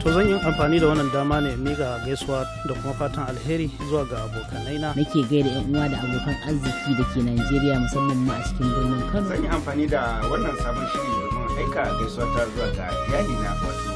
to zan yi amfani da wannan dama ne mi ga gaisuwa da kuma fatan alheri zuwa ga abokanai na nake gaida yan uwa da abokan arziki da ke Najeriya musamman ma a cikin birnin Kano zan yi amfani da wannan sabon shiri domin aika gaisuwa ta zuwa ga iyali na wato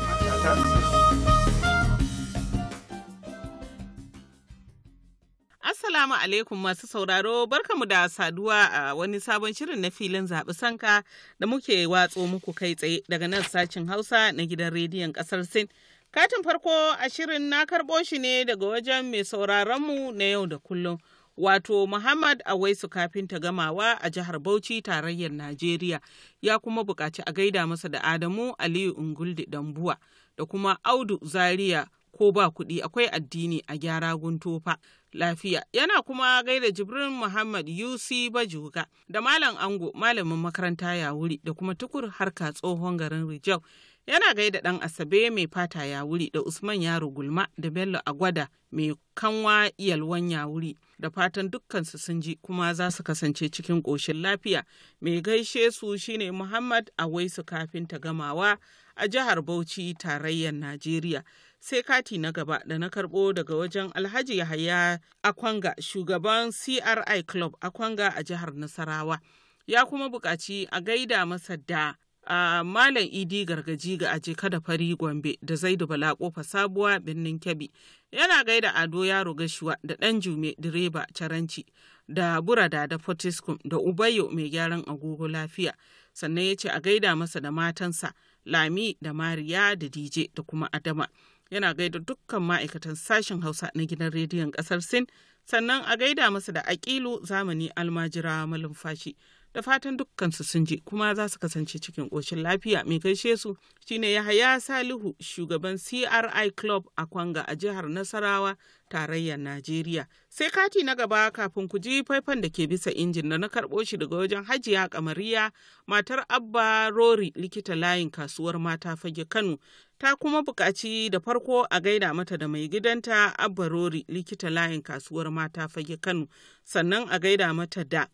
Assalamu alaikum masu sauraro barkamu da saduwa a wani sabon shirin na filin zaɓi sanka da muke watso muku kai tsaye daga nan sashin Hausa na gidan rediyon ƙasar Sin Katin farko a shirin na karɓo shi ne daga wajen mai sauraronmu na yau da kullum, wato Muhammad Awaisu kafin ta gamawa a jihar Bauchi tarayyar Najeriya, ya kuma buƙaci a gaida masa da Adamu Aliyu Ungulde Dambuwa da kuma Audu Zaria ko ba kuɗi akwai addini a gyara guntofa lafiya yana kuma gaida jibrin muhammad yusi bajuga da malam ango malamin makaranta ya wuri da kuma tukur harka tsohon garin rijau yana gaida ɗan asabe mai fata ya wuri da usman yaro gulma da bello agwada mai kanwa iyalwan ya wuri da fatan dukkansu sun ji kuma za su kasance cikin ƙoshin lafiya mai gaishe su shine muhammad awaisu kafin ta gamawa a jihar bauchi tarayyar najeriya sai kati na gaba da na karbo daga wajen alhaji yahaya akwanga shugaban cri club akwanga a jihar nasarawa ya kuma buƙaci a gaida masa da a Malam Idi Gargaji ga aje kada fari Gombe da Zaidu Bala kofa sabuwa birnin Kebbi yana gaida Ado Yaro Gashuwa da Dan Jume direba Caranci da Burada da Potiskum da Ubayo mai gyaran agogo lafiya sannan ya ce a gaida masa da matansa Lami da Mariya da DJ da kuma Adama yana gaida dukkan ma'aikatan sashen Hausa na gidan rediyon kasar Sin sannan a gaida masa da Aƙilu zamani almajira malumfashi. da fatan dukkansu sun ji kuma za su kasance cikin ƙoshin lafiya mai gaishe su shine yahaya salihu shugaban cri club a kwanga a jihar nasarawa tarayyar najeriya sai kati na gaba kafin ku ji faifan da ke bisa injin da na karɓo shi daga wajen hajiya kamariya matar abba rori likita layin kasuwar mata fage kano ta kuma buƙaci da farko a gaida mata da mai gidanta abba rori likita layin kasuwar mata fage kano sannan a gaida mata da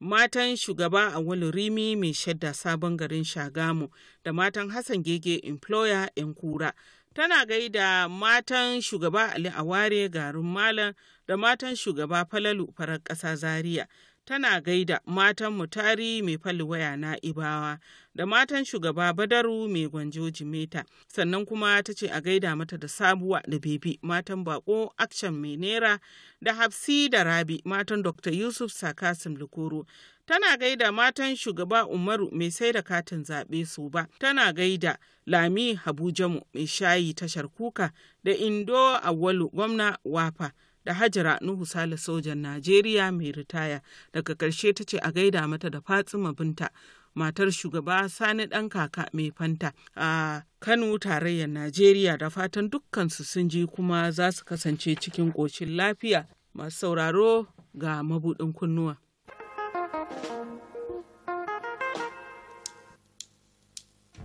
matan shugaba a Rimi mai shadda sabon garin Shagamu da matan Hassan Gege employer 'yan kura. Tana gaida matan shugaba Ali Aware garin Malam da matan shugaba Falalu farar ƙasa Zaria tana gaida matan mutari mai falwaya na ibawa da matan shugaba badaru mai gwanjo jimeta sannan kuma ta ce a gaida mata da sabuwa da bebi matan bako action mai nera da hafsi da rabi matan dr yusuf sakasim lukuru tana gaida matan shugaba umaru mai sai da katin zaɓe su ba tana gaida lami habujamu mai shayi tashar kuka da indo awwalu gwamna wafa da Hajara Nuhu Sale sojan Najeriya mai ritaya daga ƙarshe ta ce a gaida mata da Fatsima Binta matar shugaba Sani ɗan kaka mai fanta a Kano tarayyar Najeriya da fatan dukkansu sun ji kuma za su kasance cikin ƙoshin lafiya masu sauraro ga mabuɗin kunnuwa.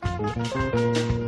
thank you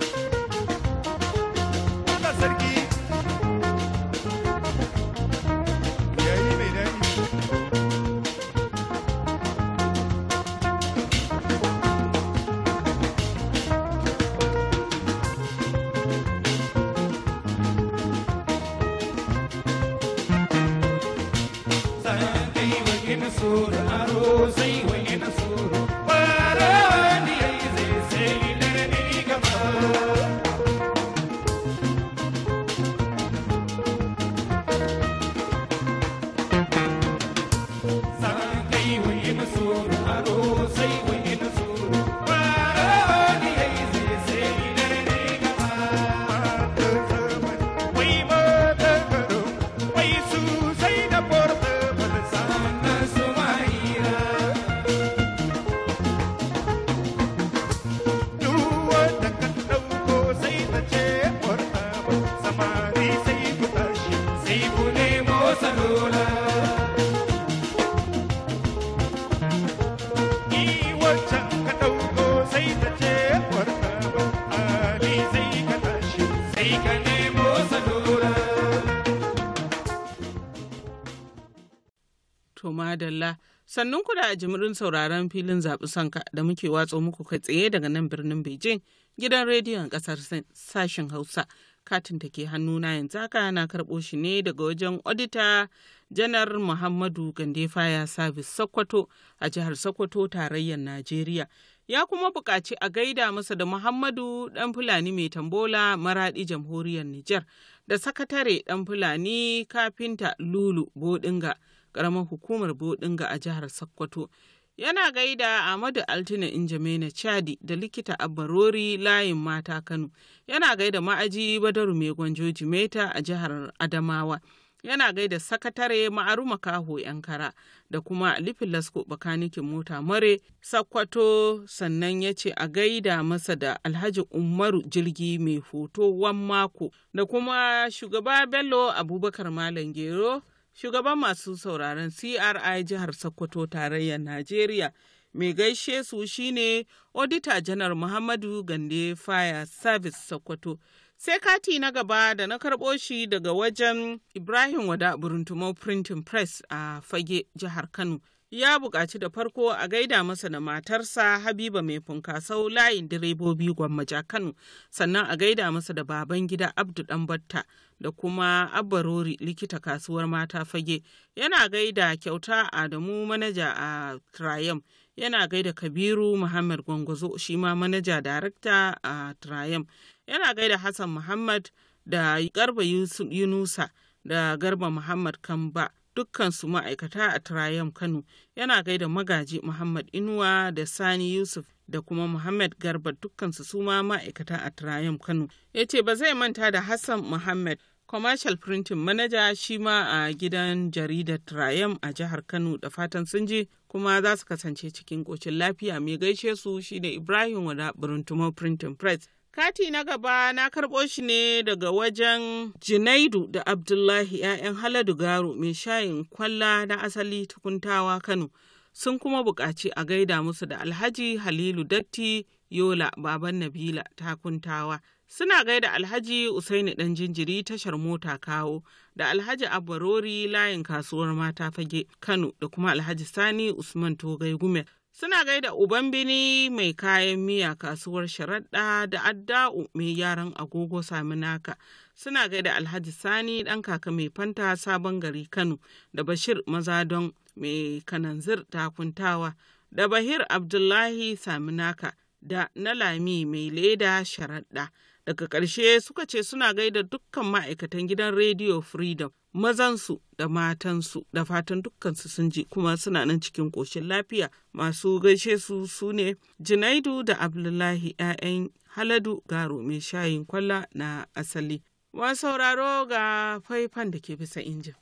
to madalla sannan ku da jimirin sauraron filin zaɓi sanka da muke watsa muku kai tsaye daga nan birnin Beijing gidan rediyon ƙasar Sin sashen Hausa katin take hannu na yanzu haka na karɓo shi ne daga wajen odita janar Muhammadu Gandefaya Service Sokoto a jihar Sokoto tarayyar Najeriya. ya kuma buƙaci a gaida masa da Muhammadu ɗan Fulani mai tambola maraɗi jamhuriyar Nijar da sakatare ɗan Fulani kafinta Lulu Bodinga karamar hukumar bodinga a jihar sokoto yana gaida Ahmadu Altina Injamena Chadi da likita a barori layin mata Kano, yana gaida ma'aji Badaru Megon Joji Meta a jihar Adamawa, yana gaida sakatare Ma'aru Makaho Yankara da kuma Lifin Lasko Bakanikin Mota Mare Sakwato sannan ya ce a gaida masa da Alhaji Umaru Jirgi mai hoto wan mako da kuma shugaba Bello Abubakar Malam Gero. shugaban masu sauraron CRI jihar Sokoto tarayyar Najeriya. Mai gaishe su shine Auditor Janar Muhammadu Gande Fire Service Sokoto. Sai kati na gaba da na karɓo shi daga wajen Ibrahim Wada Buruntumau Printing Press a Fage jihar Kano. ya buƙaci da farko a gaida masa da matarsa Habiba mai funkasau layin direbobi gwammaja Kano sannan a gaida masa da baban gida Abdu Ɗanbatta da kuma Abbarori likita kasuwar mata fage yana gaida kyauta Adamu manaja a Triumph yana gaida Kabiru Muhammad Gwangwazo shi ma manaja darakta a Triumph yana gaida Hassan Muhammad da Garba Yunusa da Garba Muhammad Kamba dukkansu ma'aikata a Trayam Kano yana gaida magaji Muhammad Inuwa da Sani Yusuf da kuma Muhammad Garba dukkansu su ma ma'aikata a Trayam Kano. yace ba zai manta da Hassan Muhammad commercial printing manager shi ma a gidan jaridar Trayam a jihar Kano da fatan sun je kuma za su kasance cikin ƙocin lafiya mai gaishe su shine Ibrahim Wada Burntumo Printing Press Kati na gaba na karɓo shi ne daga wajen Junaidu da Abdullahi 'ya'yan Haladu Garo mai shayin kwalla na asali tukuntawa Kano sun kuma buƙaci a gaida musu da Alhaji Halilu Datti Yola Baban Nabila takuntawa. Suna gaida Alhaji Usaini ɗan jinjiri tashar mota kawo da Alhaji Abbarori layin kasuwar mata fage Kano da kuma Alhaji Sani Usman Togai Gumel. Suna gaida uban bini mai kayan miya kasuwar sharaɗa da adda'u mai yaran agogo saminaka. Suna gaida Alhaji Sani ɗan kaka mai fanta sabon gari Kano da Bashir maza don mai kananzir takuntawa da Bahir Abdullahi saminaka da na Lami mai leda sharaɗa. Daga ƙarshe suka ce suna gaida dukkan ma'aikatan gidan Radio Freedom, mazansu da matansu da fatan dukkansu sun ji kuma suna nan cikin ƙoshin lafiya. Masu gaishe su su ne Junaidu da Abdullahi 'ya'yan Haladu Garo mai shayin kwalla na asali. Wa sauraro ga faifan da ke bisa injin.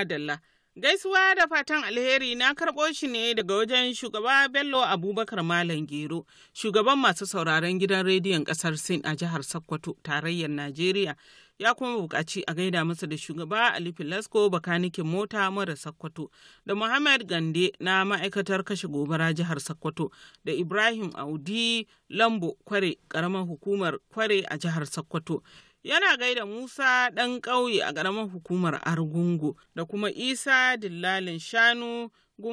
adalla Gaisuwa da fatan alheri na karɓo shi ne daga wajen shugaba Bello Abubakar Malam Gero, shugaban masu sauraron gidan rediyon ƙasar Sin a jihar Sokoto, tarayyar Najeriya. Ya kuma buƙaci a gaida masa da shugaba Ali Filasko bakanikin mota mara Sokoto, da Muhammad Gande na ma'aikatar kashe gobara jihar Sokoto, da Ibrahim Audi Lambo Kware, ƙaramar hukumar Kware a jihar Sokoto. yana gaida Musa ɗan ƙauye a ƙaramar hukumar Argungu da kuma Isa dillalin shanu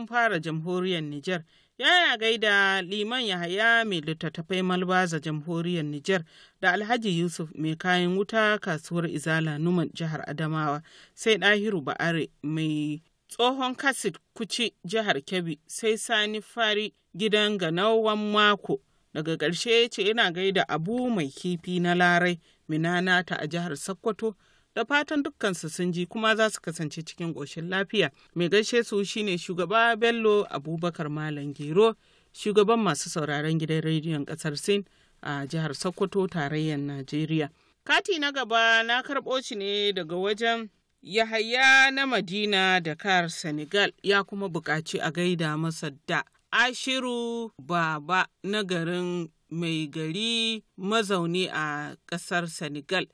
fara jamhuriyar Nijar. Yana gaida Liman Yahaya mai littattafai Malbaza jamhuriyar Nijar da Alhaji Yusuf mai kayan wuta kasuwar Izala Numan jihar Adamawa sai Ɗahiru Ba'are mai tsohon kasit kuci jihar Kebbi sai Sani Fari gidan ganawan mako daga ƙarshe ya ce yana gaida abu mai kifi na larai minanata a jihar sokoto da fatan su sun ji kuma za su kasance cikin ƙoshin lafiya mai gaishe su shine shugaba bello abubakar malam gero shugaban masu sauraron gidan rediyon ƙasar sin a jihar sokoto tarayyar najeriya kati na gaba na karɓo shi ne daga wajen yahaya na madina dakar senegal ya kuma buƙaci a gaida masa da Ashiru Baba na garin mai gari mazauni a ƙasar Senegal.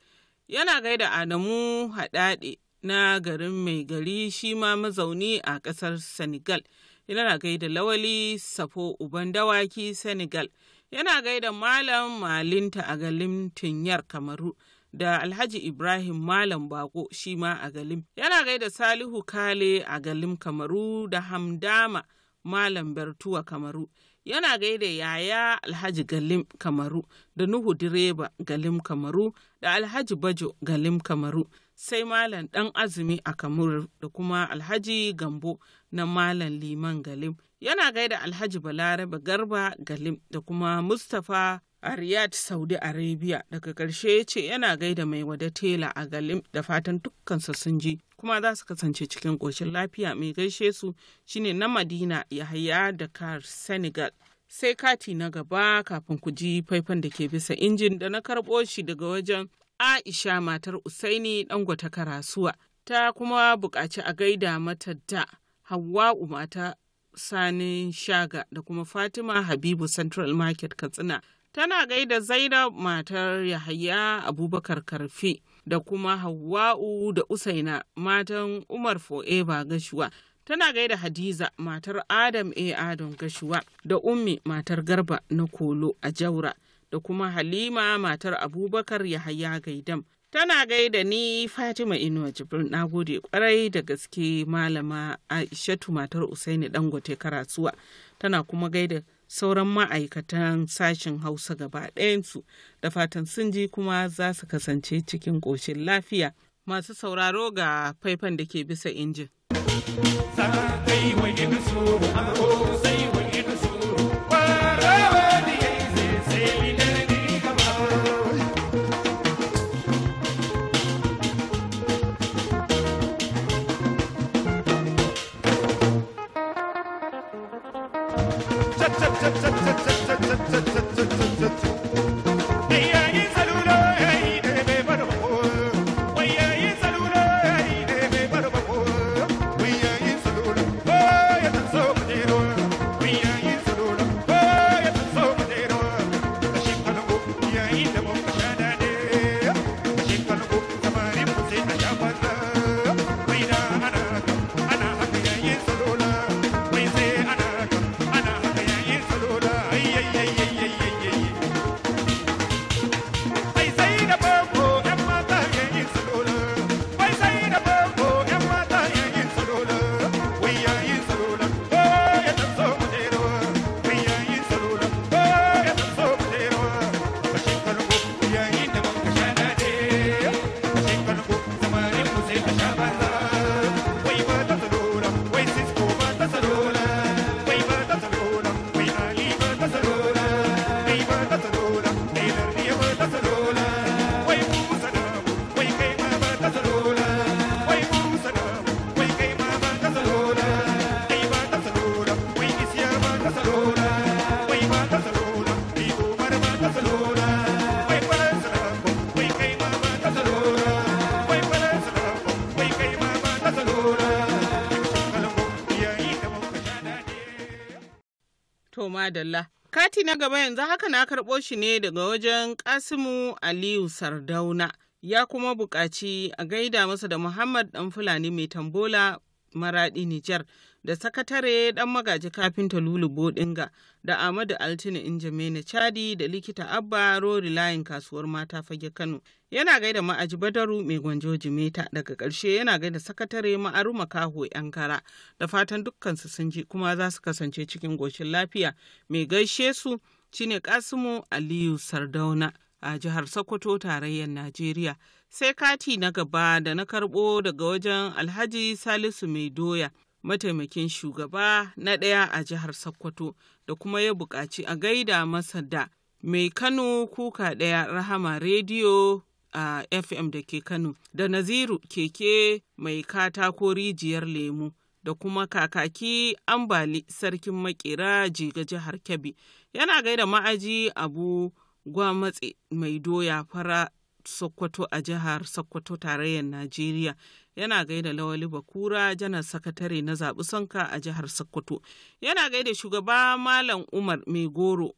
Yana gaida Adamu Haɗaɗe na garin mai gari shi ma mazauni a ƙasar Senegal. Yana gaida Lawali Safo Uban Dawaki Senegal. Yana gaida Malam Malinta a galin Tinyar Kamaru. da Alhaji Ibrahim Malam Bako shi ma a Galim. Yana gaida Salihu Kale a Galim Kamaru da Hamdama Malam Bertuwa Kamaru. Yana gaida yaya Alhaji Galim Kamaru da Nuhu Direba Galim Kamaru da Alhaji Bajo Galim Kamaru sai Malam Ɗan Azumi a Kamaru da kuma Alhaji Gambo na Malam Liman Galim. Yana gaida Alhaji Balarabe Garba Galim da kuma Mustapha a Riyadh, Saudi Arabia. Daga karshe ya ce yana gaida mai wada tela a Galim da fatan dukkansa sun ji kuma za su kasance cikin ƙoshin lafiya mai gaishe su shine na Madina Yahaya kar Senegal. Sai kati na gaba kafin ku ji faifan da ke bisa injin da na karɓo shi daga wajen Aisha matar Usaini Dangwata Karasuwa ta kuma buƙaci a gaida mata da Hawwa'u mata Sani Shaga da kuma Fatima Habibu Central Market Katsina Tana gaida Zainab matar Yahaya Abubakar Karfe da kuma Hawwa'u da Usaina matan Umar Fo'eba Gashuwa. Tana gaida Hadiza matar Adam A. Adam Gashuwa da Ummi matar Garba na Kolo a Jaura da kuma Halima matar Abubakar Yahaya Gaidam. tana gaida ni fatima inuwa jibril na gode kwarai da gaske malama aishatu matar usaini dangote karasuwa tana kuma gaida sauran ma'aikatan sashen hausa gaba ɗayansu da fatan sun ji kuma za su kasance cikin ƙoshin lafiya masu sauraro ga faifan da ke bisa injin. To madalla. Kati na gaba yanzu haka na karɓo shi ne daga wajen Kasimu Aliyu Sardauna. Ya kuma buƙaci a gaida masa da Muhammad ɗan Fulani mai tambola maraɗi Nijar da sakatare dan magaji kafinta lulu bodinga da amadu altine na chadi da likita abba rori layin kasuwar mata fage kano yana gaida ma'aji badaru mai gwanjo jimeta daga ƙarshe yana gaida sakatare ma'aru makaho yankara da fatan dukkansu sun ji kuma za su kasance cikin goshin lafiya mai gaishe su shine kasimu aliyu sardauna a jihar sokoto tarayyar najeriya sai kati na gaba da na karbo daga wajen alhaji salisu mai doya mataimakin shugaba na ɗaya a jihar Sokoto da kuma ya buƙaci a gaida masa da mai Kano kuka ɗaya Rahama Rediyo a FM da ke Kano da Naziru keke mai katako rijiyar lemu da kuma kakaki ambali sarkin makera jiga jihar Kebbi yana gaida ma'aji abu gwamatse mai doya fara Sokoto a jihar Sokoto tarayyar Najeriya yana gaida lawali bakura janar sakatare na zaɓi sanka a jihar sokoto yana gaida shugaba malam umar mai goro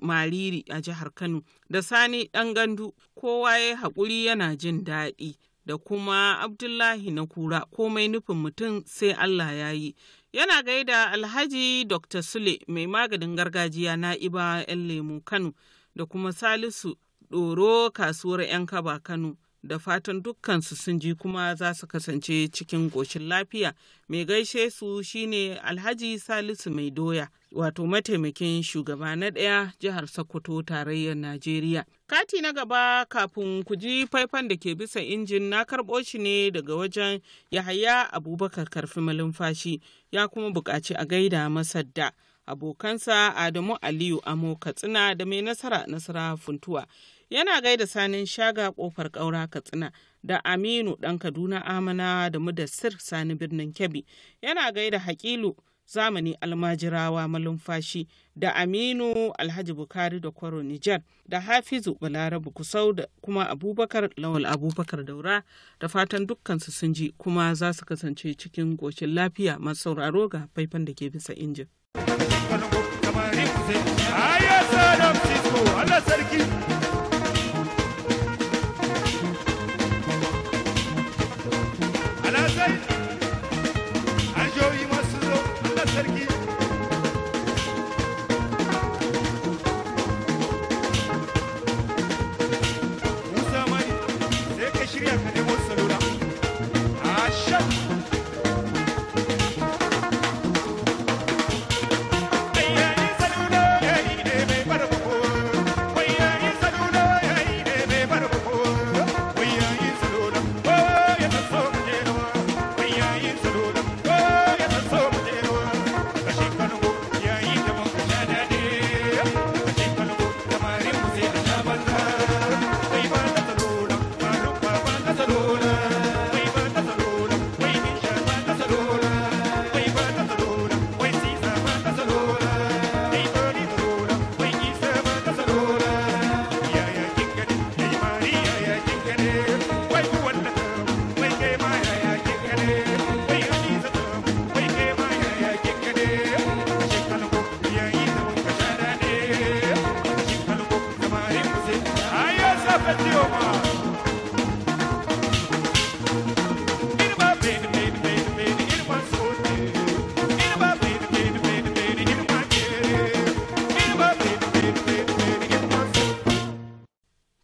mariri a jihar kano da sani ɗan gandu kowa ya haƙuri yana jin daɗi da kuma abdullahi na kura komai nufin mutum sai allah ya yi yana gaida alhaji dr sule mai maganin gargajiya na iba 'yan lemu kano da kuma salisu ɗoro kasuwar 'yan kaba kano da fatan dukkansu sun ji kuma za su kasance cikin goshin lafiya mai gaishe su shine alhaji salisu mai doya wato mataimakin shugaba na ɗaya jihar sokoto tarayyar najeriya kati na gaba kafin ku ji faifan da ke bisa injin na karɓo shi ne daga wajen yahaya abubakar karfi malumfashi ya kuma buƙaci a gaida masadda abokansa adamu aliyu amo katsina da mai nasara nasara funtuwa yana gaida sanin shaga kofar ƙaura katsina da aminu ɗan kaduna amanawa da mudassir sani birnin kebbi yana gaida hakilu zamani almajirawa malumfashi da aminu alhaji bukari da kwaro nijar da hafizu balarabu kusau da kuma abubakar lawal abubakar daura da fatan dukkansu sun ji kuma za su kasance cikin goshin lafiya masu sauraro ga faifan da ke bisa injin.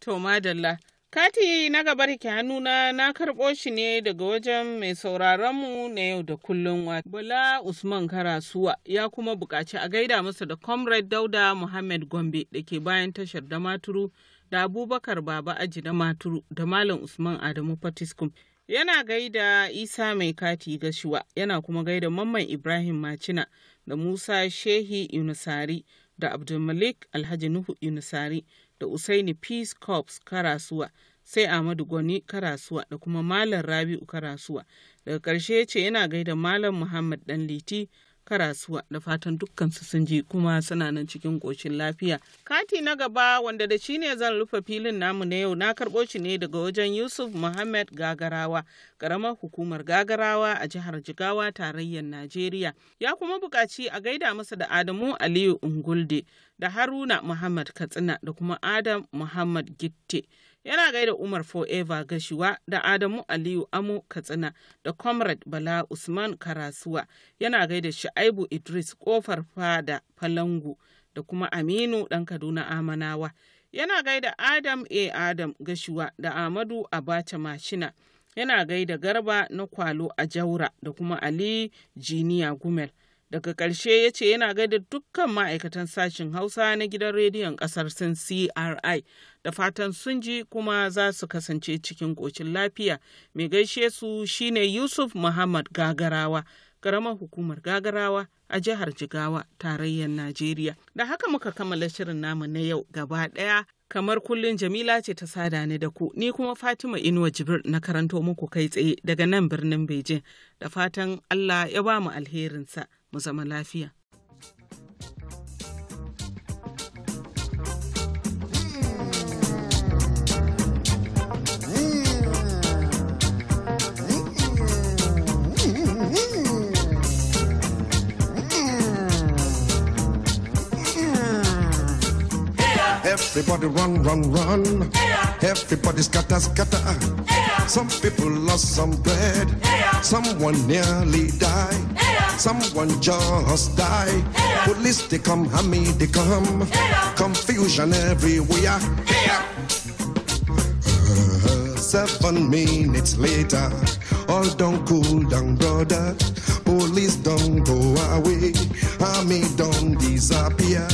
To madalla. Kati na gaba ki hannuna na karɓo shi ne daga wajen mai sauraronmu na yau da kullum wata. Bala Usman Karasuwa ya kuma buƙaci a gaida masa da Comrade Dauda Muhammad Gombe da ke bayan tashar da maturu da Abubakar Baba Aji da maturu da Malam Usman Adamu Fatiskum. Yana gaida Isa mai kati gashiwa yana kuma gaida Mamman Ibrahim Macina da Musa Shehi Yunusari da Abdulmalik Alhaji Nuhu Yunusari. da usaini peace corps karasuwa sai ahmadu goni karasuwa da kuma malam rabi'u karasuwa daga ƙarshe ya ce yana gaida malam muhammad dan liti karasuwa da fatan dukkan su sun ji kuma suna nan cikin ƙoshin lafiya. Kati na gaba wanda da shi ne zan rufe filin namu na yau na karɓo shi ne daga wajen Yusuf Muhammad Gagarawa, ƙaramar hukumar Gagarawa a jihar Jigawa tarayyar Najeriya. Ya kuma buƙaci a gaida masa da Adamu Aliyu Ungulde da Haruna Muhammad Katsina da kuma Adam Muhammad Gitte. yana gaida Umar Forever Gashuwa da Adamu Aliyu Amo Katsina da Comrade Bala Usman Karasuwa yana gaida Shu'aibu Idris Kofar Fada Falangu da kuma Aminu ɗan Kaduna Amanawa yana gaida Adam A. Adam Gashuwa da Amadu Abacha Mashina yana gaida Garba na Kwalo a Jaura da kuma Ali Jiniya Gumel. daga ƙarshe ya ce yana gaida dukkan ma'aikatan sashen hausa na gidan rediyon ƙasar sin cri da fatan sun ji kuma za su kasance cikin ƙocin lafiya mai gaishe su shine yusuf muhammad gagarawa karamar hukumar gagarawa a jihar jigawa tarayyar najeriya da haka muka kammala shirin namu na yau gaba ɗaya kamar kullum jamila ce ta sada ni da ku ni kuma fatima inuwa jibir na karanto muku kai tsaye daga nan birnin beijing da fatan allah ya ba mu alherinsa mu zama lafiya Everybody run, run, run. Yeah. Everybody scatter, scatter. Yeah. Some people lost some bread. Yeah. Someone nearly died. Someone just died. Police, they come, hammy, they come. Confusion everywhere seven minutes later. All don't cool down, brother. Police don't go away. Army don't disappear.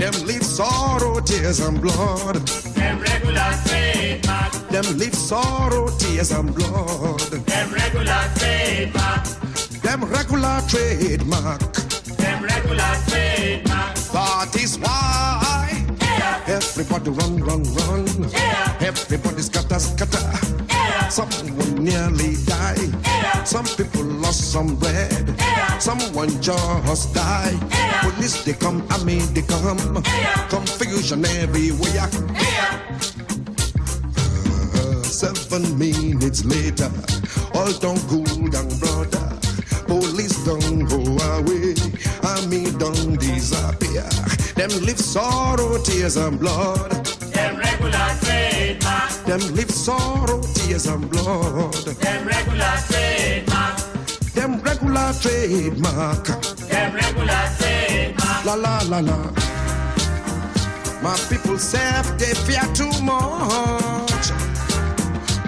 Them live sorrow, tears, and blood. Them regular trademark. Them leave sorrow, tears, and blood. Them regular trademark. Them regular trademark. Them regular trademark. That is why. Everybody run, run, run. Yeah. Everybody scatter, scatter. Yeah. Someone nearly died. Yeah. Some people lost some bread. Yeah. Someone just died. Yeah. Police they come, I mean they come. Yeah. Confusion everywhere. Yeah. Uh, seven minutes later, all done good and brother. Police don't go away me don't disappear. Them live sorrow, tears and blood. Them regular trademark. Them live sorrow, tears and blood. Them regular trademark. Them regular trademark. Them regular trademark. La la la la. My people say they fear too much.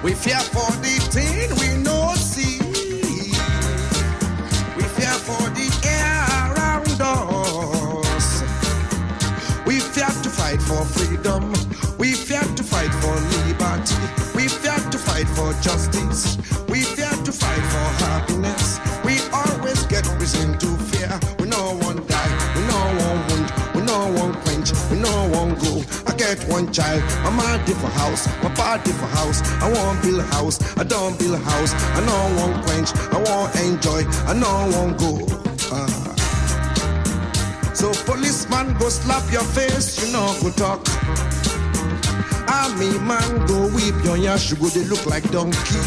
We fear for the thing we know. freedom. We've had to fight for liberty. We've had to fight for justice. We've had to fight for happiness. We always get reason to fear. We no one die, we no one wound, we no one quench, we no one go. I get one child, I'm a different house, my body for house. I want build a house, I don't build a house. I know one quench, I want enjoy, I know one go. Uh. So police man go slap your face, you know go talk. I me man go whip your yash, you go they look like donkey.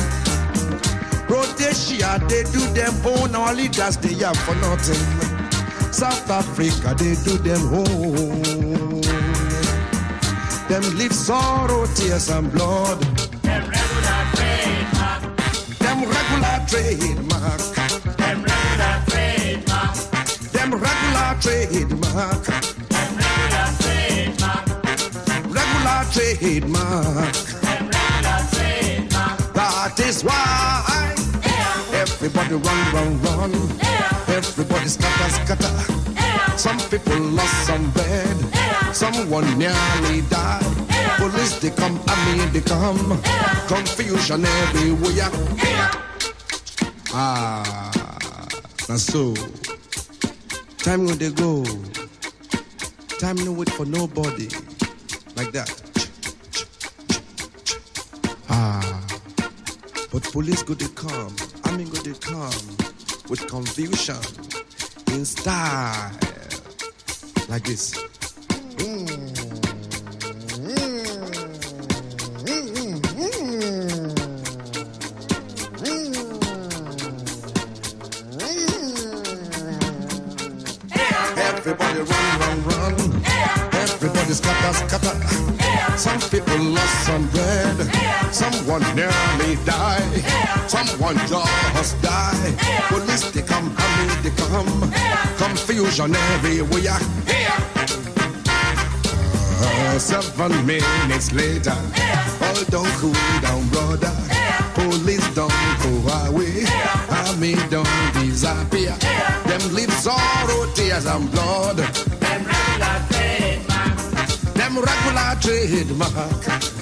Rhodesia, they do them own, our leaders they have for nothing. South Africa, they do them home. Them live sorrow, tears and blood. Them regular trademark. Them regular trademark regular trademark. Regular trademark. Regular That is why everybody run, run, run. Everybody scatter, scatter. Some people lost some bed. Someone nearly died. Police they come, I mean they come. Confusion everywhere. Ah, that's so. Time when they go. Time no wait for nobody. Like that. Ah. But police go to come. I mean go to come. With confusion. In style. Like this. Someone nearly died. Yeah. Someone just die. Yeah. Police they come, army they come. Yeah. Confusion everywhere. Uh, seven minutes later, all don't cool down, brother. Police don't go away. Army don't disappear. Them leave sorrow, tears, and blood. Them regular trademark. Them regular trademark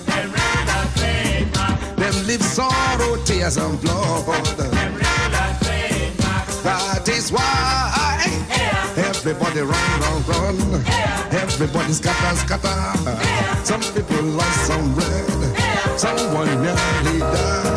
them live sorrow, tears and blood. That is why everybody run, run, run. Everybody scatter, scatter. Some people lost some bread. Someone nearly died.